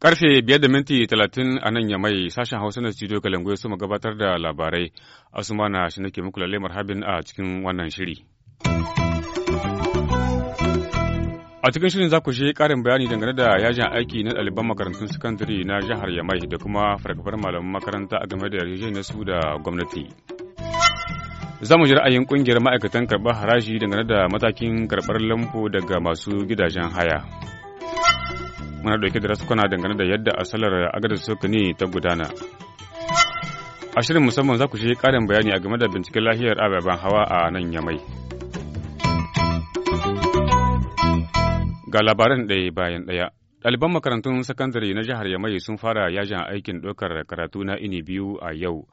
Karfe biyar da minti talatin a nan yamai sashen Hausa na studio Kalangu su gabatar da labarai. Asuma na shi nake muku lalle marhabin a cikin wannan shiri. A cikin shirin za ku shi ƙarin bayani dangane da yajin aiki na ɗaliban makarantun sakandare na jihar Yamai da kuma fargabar malaman makaranta a game da yarjejeniyar su da gwamnati. Za mu ji ra'ayin ƙungiyar ma'aikatan karɓar haraji dangane da matakin karɓar lambu daga masu gidajen haya. Muna ɗauke da rasukuna dangane da yadda asalar agadar sokani ta gudana. A shirin musamman za ku shi ƙarin bayani a game da binciken lahiyar ababen hawa a nan Yamai. Ga labaran ɗaya bayan ɗaya. Ɗaliban makarantun sakandare na jihar Yamai sun fara yajin aikin ɗaukar karatu na ini biyu a yau.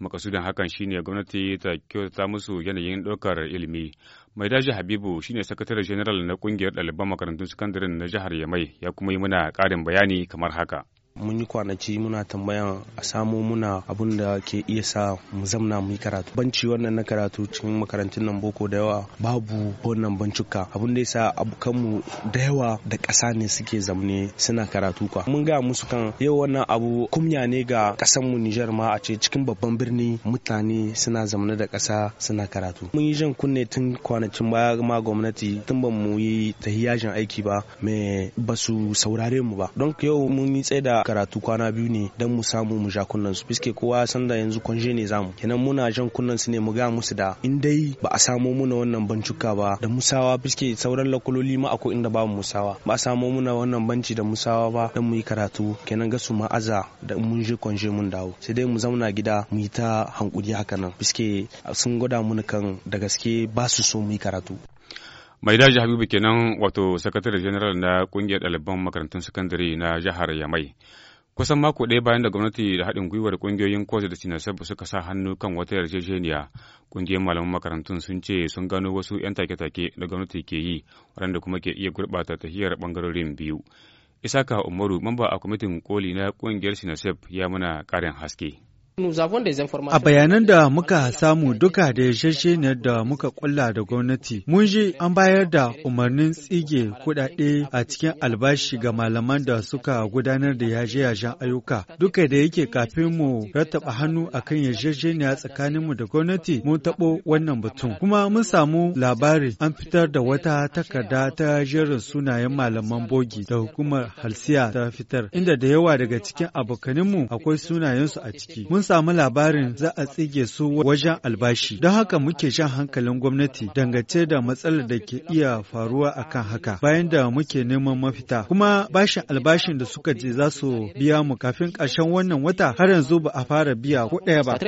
Makasudan hakan shine gwamnati ta kyautata musu yanayin ɗaukar ilimi. Mai daji Habibu shine sakatare general na ƙungiyar ɗaliban makarantun sakandare na jihar Yamai ya kuma yi muna ƙarin bayani kamar haka. mun yi kwanaci muna tambayan a samo muna abun da ke iya sa mu zamna mu yi karatu banci wannan na karatu cikin makarantun nan boko da yawa babu wannan bancuka abun da yasa abokanmu da yawa da ƙasa ne suke zamne suna karatu kwa mun ga musu kan yau wannan abu kumya ne ga ƙasar mu Nijar ma a ce cikin babban birni mutane suna zamne da ƙasa suna karatu mun yi jan kunne tun kwanacin baya ma gwamnati tun ba mu yi tahiyajin aiki ba me basu saurare mu ba don yau mun yi tsaye da karatu kwana biyu ne don mu samu mu ja kunnan su fiske kowa ya san da yanzu kwanje ne zamu kenan muna jan kunnan su ne mu ga musu da in dai ba a samo muna wannan bancuka ba da musawa biske sauran lakuloli ma akwai inda babu musawa ba a samo muna wannan banci da musawa ba don mu yi karatu kenan ga su ma'aza da mun je kwanje mun dawo sai dai mu zauna gida mu yi ta hankuri haka nan biske sun gwada mu kan da gaske ba su so mu yi karatu mai daji habibu kenan wato sakatare general na kungiyar ɗaliban makarantun sakandare na jihar yamai kusan mako ɗaya bayan da gwamnati da haɗin gwiwar ƙungiyoyin kwas da sinasab suka sa hannu kan wata yarjejeniya ƙungiyar malaman makarantun sun ce sun gano wasu 'yan take-take da gwamnati ke yi waɗanda kuma ke iya gurɓata tahiyar ɓangarorin biyu isaka umaru mamba a kwamitin koli na kungiyar sinasab ya mana ƙarin haske A bayanan da muka samu duka da ne da muka kulla da gwamnati, mun ji an bayar da umarnin tsige kudade a cikin albashi ga malaman da suka gudanar da yaje-yajen ayyuka. Duka da yake kafin mu rattaba hannu a kan akan a tsakaninmu da gwamnati mun taɓo wannan batun. Kuma mun samu labari an fitar da wata takarda ta jerin sunayen malaman bogi da hukumar halsiya ta fitar, inda da yawa daga cikin abokaninmu akwai sunayensu a ciki. Mun samu labarin za a tsige su wajen albashi, don haka muke shan hankalin gwamnati dangance da matsalar da ke iya faruwa akan haka bayan da muke neman mafita. Kuma bashin albashin da suka je za su biya mu kafin ƙarshen wannan wata har yanzu ba a fara biya ko ɗaya ba.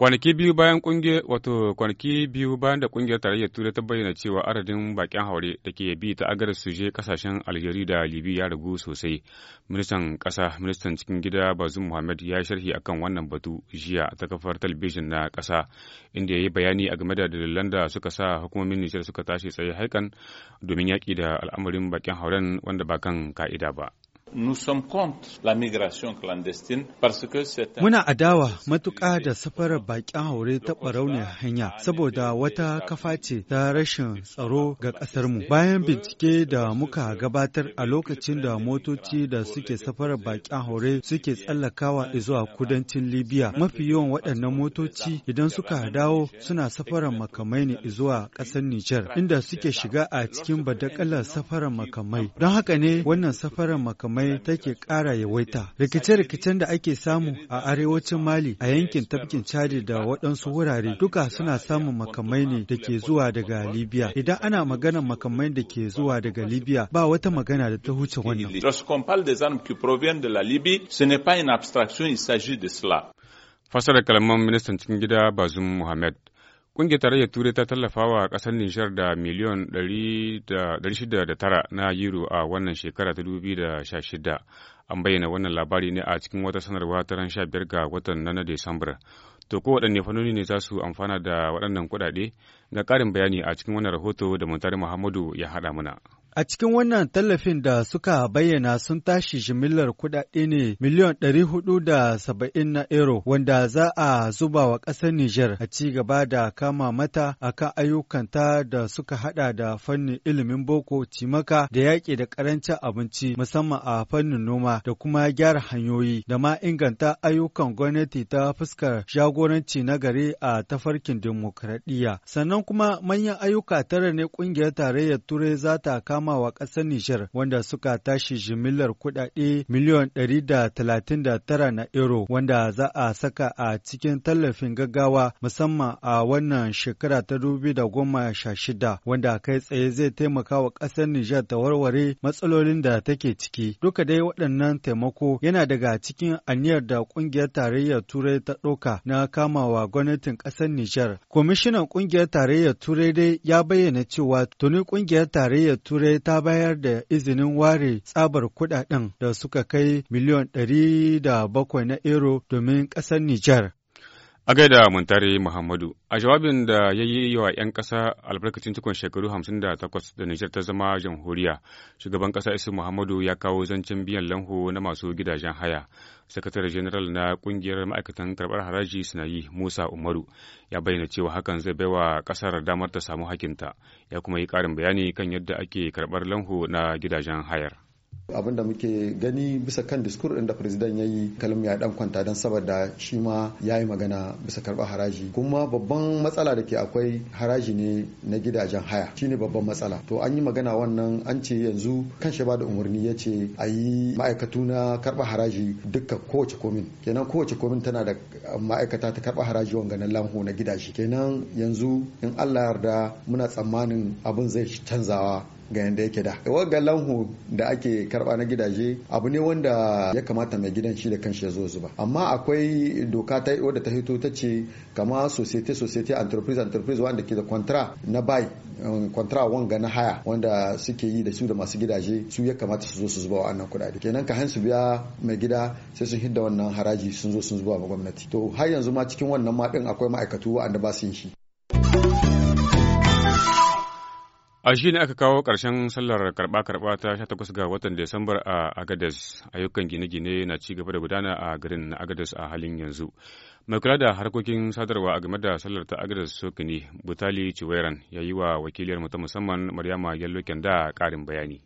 Kwanaki biyu bayan kungiyar wato kwanaki biyu bayan da kungiyar tarayyar Turai ta bayyana cewa adadin bakin haure da ke bi ta agar suje kasashen Algeria da Libya ya ragu sosai. Ministan kasa ministan cikin gida Bazum Muhammad ya sharhi akan wannan batu jiya ta kafar talabijin na kasa inda ya yi bayani a game da dalilan da suka sa hukumomin Nijar suka tashi tsaye haikan domin yaƙi da al'amarin bakin hauren wanda ba kan ka'ida ba. Muna adawa matuƙa da safarar baƙin haure ta ɓarauniyar hanya saboda wata kafa ce ta rashin tsaro ga ƙasarmu. Bayan bincike da muka gabatar a lokacin da motoci da suke safarar baƙin haure suke tsallakawa zuwa kudancin Libya. Mafi yawan waɗannan motoci idan suka dawo suna safarar makamai ne zuwa ƙasar Nijar inda suke shiga a cikin badakalar safarar makamai. Don haka ne wannan safarar makamai makamai take ƙara yawaita. Rikice-rikicen da ake samu a arewacin Mali a yankin tafkin Chadi da waɗansu wurare duka suna samun makamai ne da ke zuwa daga Libya. Idan ana maganar makamai da ke zuwa daga Libya ba wata magana da ta huce wannan. Fasar da des la kalaman ministan cikin gida Bazum Muhammad. Ƙungiyar tarayyar Turai ta tallafa wa ƙasar Nijar da miliyon 609 na euro a wannan shekara ta 2016. An bayyana wannan labari ne a cikin wata sanarwa ta ran 15 ga watan na Desambar. To ko waɗanne fannoni ne za su amfana da waɗannan kuɗaɗe? Ga ƙarin bayani a cikin wannan rahoto da Muntari Muhammadu ya haɗa mana. A cikin wannan tallafin da suka bayyana sun tashi jimillar kuɗaɗe ne miliyan ɗari hudu da saba'in na Ero, wanda za a zuba wa ƙasar Nijar a ci gaba da kama mata a kan ayyukanta da suka haɗa da fannin ilimin boko cimaka da yaƙi da ƙarancin abinci musamman a fannin noma da kuma gyara hanyoyi da ma inganta ayyukan gwamnati ta fuskar jagoranci na gari a tafarkin dimokuraɗiyya. Sannan Sannan kuma manyan ayyuka tara ne ƙungiyar tarayyar Turai za ta kama wa ƙasar Nijar wanda suka tashi jimillar kuɗaɗe miliyon ɗari da talatin da tara na euro wanda za a saka a cikin tallafin gaggawa musamman a wannan shekara ta dubu da goma sha shida wanda kai tsaye zai taimaka wa ƙasar Nijar ta warware matsalolin da take ciki. Duka dai waɗannan taimako yana daga cikin aniyar da ƙungiyar tarayyar Turai ta ɗauka na kamawa gwamnatin ƙasar Nijar. Kwamishinan ƙungiyar tarayyar Tarayyar Turai dai ya bayyana cewa tuni ƙungiyar Tarayyar Turai ta bayar da izinin ware tsabar kudaden da suka kai miliyon ɗari da bakwai na euro domin ƙasar Nijar. A gaida Muntari Muhammadu, a jawabin da ya yi wa 'yan ƙasa albarkacin cikon shekaru 58 da Nijar ta zama jamhuriya, shugaban ƙasa Isu Muhammadu ya kawo zancen biyan lanhu na masu gidajen haya. Sakatare General na ƙungiyar ma'aikatan karɓar haraji Sinayi Musa Umaru ya bayyana cewa hakan zai baiwa ƙasar damar ta samu hakinta, ya kuma yi ƙarin bayani kan yadda ake karɓar lanhu na gidajen hayar. abin da muke gani bisa kan diskur din da president ya yi kalmi ya dan kwanta don saboda shi ma ya yi magana bisa karbar haraji kuma babban matsala da ke akwai haraji ne na gidajen haya shine babban matsala to an yi magana wannan an ce yanzu kan shi ba da umarni ya ce a yi ma'aikatu na karɓar haraji duka kowace komin kenan kowace komin tana da ma'aikata ta karbar haraji wanga na lamho na gidaje kenan yanzu in allah yarda muna tsammanin abin zai canzawa ga yanda yake da wagga lanhu da ake karba na gidaje abu ne wanda ya kamata mai gidan shi da kanshi ya zo zuba amma akwai doka ta wadda ta hito ta ce kama society society enterprise enterprise wanda ke da kwantara na bai kwantara um, wanga na haya wanda suke yi da su da masu gidaje su ya kamata su zo su zuba wa kudade kenan ka hansu biya mai gida sai sun hidda wannan haraji sun zo sun zuba ma gwamnati to har yanzu ma cikin wannan maɗin akwai ma'aikatu wa'anda ba su yin shi A shi ne aka kawo ƙarshen sallar karɓa-karɓa ta sha takwas ga watan Desambar a Agadez. Ayyukan gine-gine na ci gaba da gudana a garin na Agadez a halin yanzu. Mai kula da harkokin sadarwa a game da sallar ta Agadez Sokini, Butali Ciwairan, ya yi wa wakiliyar ta musamman Maryama Yallo Kenda ƙarin bayani.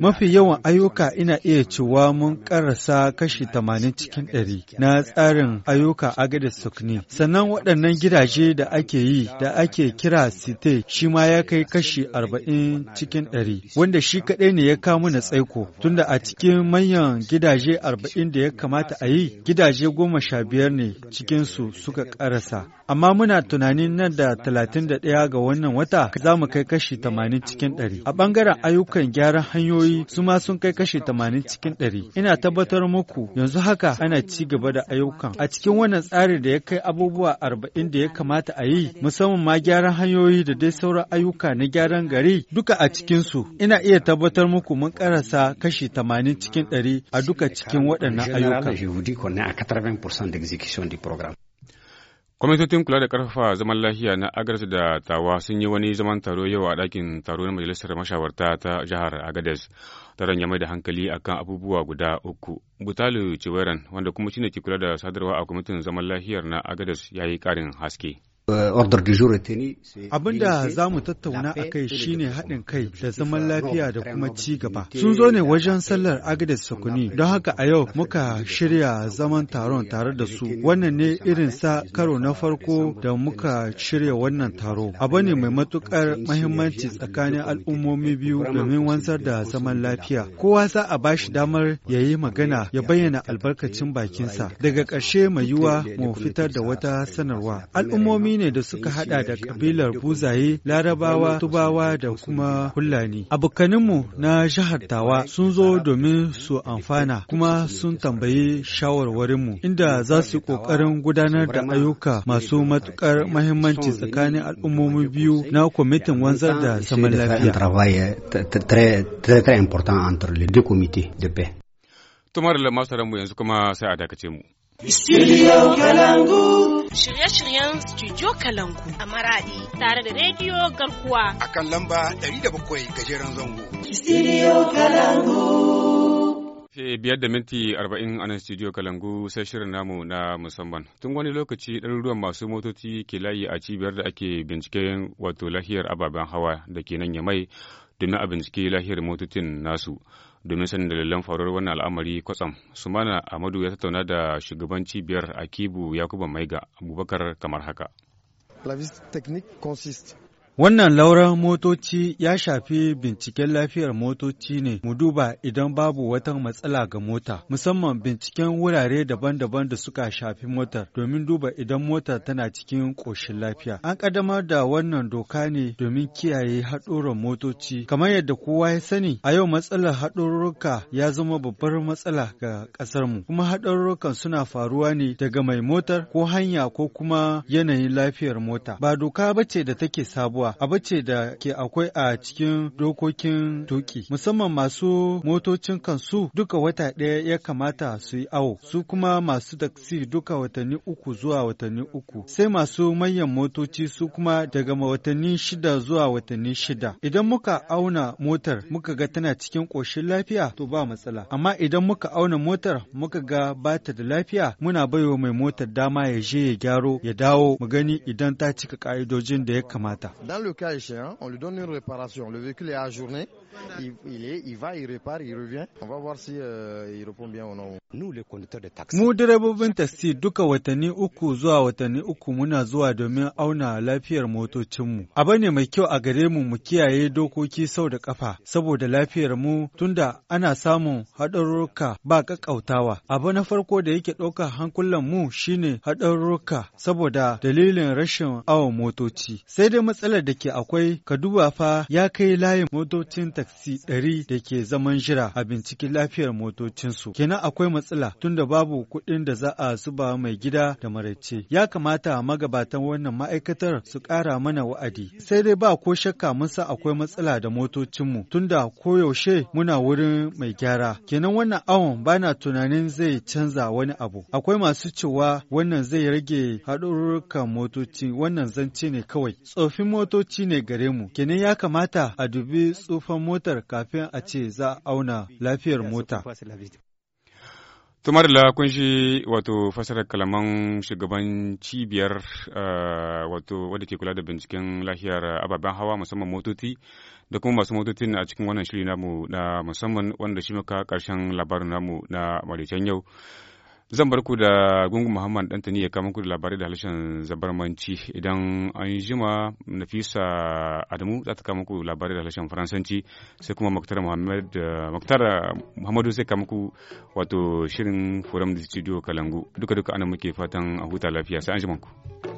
Mafi yawan ayyuka ina iya cewa mun karasa kashi 80 cikin 100 na tsarin ayyuka a gada sukni. Sannan waɗannan gidaje da ake yi da ake kira site shi ma ya kai kashi 40 cikin 100 wanda shi kaɗai ne ya kamu na tsaiko tunda a cikin manyan gidaje 40 da ya kamata a yi gidaje goma sha biyar ne cikinsu suka karasa. amma muna tunanin nan da 31 ga wannan wata za mu kai kashi 80 cikin 100. A bangaren ayyukan gyaran hanyoyi su ma sun kai kashi 80 cikin 100. Ina tabbatar muku yanzu haka ana ci gaba da ayyukan. A cikin wannan tsarin da ya kai abubuwa 40 da ya kamata a yi musamman ma gyaran hanyoyi da dai sauran ayyuka na gyaran gari duka a cikinsu. Ina iya tabbatar muku mun karasa kashi 80 cikin 100 a duka cikin waɗannan ayyukan. Kwamitocin kula da karfafa zaman lafiya na Agadez da Tawa sun yi wani zaman taro yau a ɗakin taro na Majalisar Mashawarta ta Jihar Agadez. Taron ya mai da hankali akan abubuwa guda uku. Butalu Ciweran, wanda kuma shine ke kula da sadarwa a kwamitin zaman lafiyar na Agadez, ya yi ƙarin haske. Eh, Abin da za mu tattauna a kai shine haɗin kai da zaman lafiya da kuma ci gaba. Sun zo ne wajen sallar Agnes Sokuni, don haka a yau muka shirya zaman taron tare da su. Wannan ne irin sa karo na farko da muka shirya wannan taro. Abu ne mai matukar mahimmanci tsakanin al'ummomi biyu domin wansar da zaman lafiya. Kowa za a bashi damar ya yi magana ya bayyana albarkacin bakinsa. Daga ƙarshe mai yiwuwa mu fitar da wata sanarwa. Al'ummomi ne da suka hada da kabilar buzaye larabawa tubawa da kuma hulani abokaninmu na jihar tawa sun zo domin su amfana kuma sun tambayi shawarwarinmu inda za su kokarin gudanar da ayyuka masu matukar mahimmanci tsakanin al'ummomi biyu na kwamitin wanzar da zaman lafiya. Tumar da masu yanzu kuma sai a dakace mu. Studio Kalangu. Shirye-shiryen Studio Kalangu a Maradi tare da Rediyo Garkuwa. A kan lamba 107 gajeren zango. Studio Kalangu. Fe biyar da minti arba'in a nan studio Kalangu sai shirin namu na musamman. Tun wani lokaci ɗaruruwan masu motoci ke layi a cibiyar da ake binciken wato lahiyar ababen hawa da ke nan ya mai domin a bincike lahiyar motocin nasu. domin sanin dalilan faruwar wannan al'amari kwatsam su mana amadu ya tattauna da shugaban cibiyar akibu yakuba maiga abubakar kamar haka La visite technique consiste Wannan lauran motoci ya shafi binciken lafiyar motoci ne mu duba idan babu wata matsala ga mota, musamman binciken wurare daban-daban da suka shafi motar domin duba idan motar tana cikin ƙoshin lafiya. An ƙaddamar da wannan doka ne domin kiyaye haɗoron motoci. Kamar yadda kowa ya sani, a yau matsalar haɗurruka ya zama babbar matsala ga ƙasar mu, kuma haɗurrukan suna faruwa ne daga mai motar ko hanya ko kuma yanayin lafiyar mota. Ba doka bace da take sabuwa. abubuwa abu ce da ke akwai a cikin dokokin tuki musamman masu motocin kansu duka wata ɗaya ya kamata su yi awo su kuma masu taksi duka watanni uku zuwa watanni uku sai masu manyan motoci su kuma daga watanni shida zuwa watanni shida idan muka auna motar muka ga tana cikin ƙoshin lafiya to ba matsala amma idan muka auna motar muka ga ba da lafiya muna baiwa mai motar dama ya je ya gyaro ya dawo mu gani idan ta cika ka'idojin da ya kamata Dans le cas échéant, on lui donne une réparation. Le véhicule est ajourné. Mu direbobin taxi duka watanni uku zuwa watanni uku muna zuwa domin auna lafiyar motocinmu. Abu ne mai kyau a gare mu mu kiyaye dokoki sau da kafa saboda lafiyar mu tunda ana samun haɗarurruka ba kakkautawa. Abu na farko da yake ɗaukar hankulan mu shine haɗarurruka saboda dalilin rashin awon motoci. Sai dai matsalar da ke akwai ka duba fa ya kai layin motocin taxi taksi ɗari da ke zaman jira a binciki lafiyar motocinsu. Kenan akwai matsala tunda babu kuɗin da za a zuba mai gida da maraice. Ya kamata magabatan wannan ma'aikatar su ƙara mana wa'adi. Sai dai ba ko shakka mun sa akwai matsala da motocinmu tunda koyaushe muna wurin mai gyara. Kenan wannan awon bana tunanin zai canza wani abu. Akwai masu cewa wannan zai rage haɗururrukan motoci wannan zance ne kawai. Tsofin motoci ne gare mu. Kenan ya kamata a dubi tsufan motar kafin a ce za a auna lafiyar mota. tumar da kun shi wato fasarar kalaman shugaban cibiyar eh, wato wadda ke kula da binciken lahiyar ababen hawa musamman motoci da kuma masu motocin a cikin wannan shiri namu na musamman wanda shi muka karshen labarin namu na maraicen yau Zan bar ku da gungu Muhammad Dantani ya kama ku da labarai da harshen zabarmanci idan an jima Nafisa Adamu za ta kama ku labarai da harshen Faransanci sai kuma maktar Muhammad eh, Muhammadu sai kama ku wato shirin Forum Studio Kalangu duka duka ana muke fatan a huta lafiya sai an jima ku.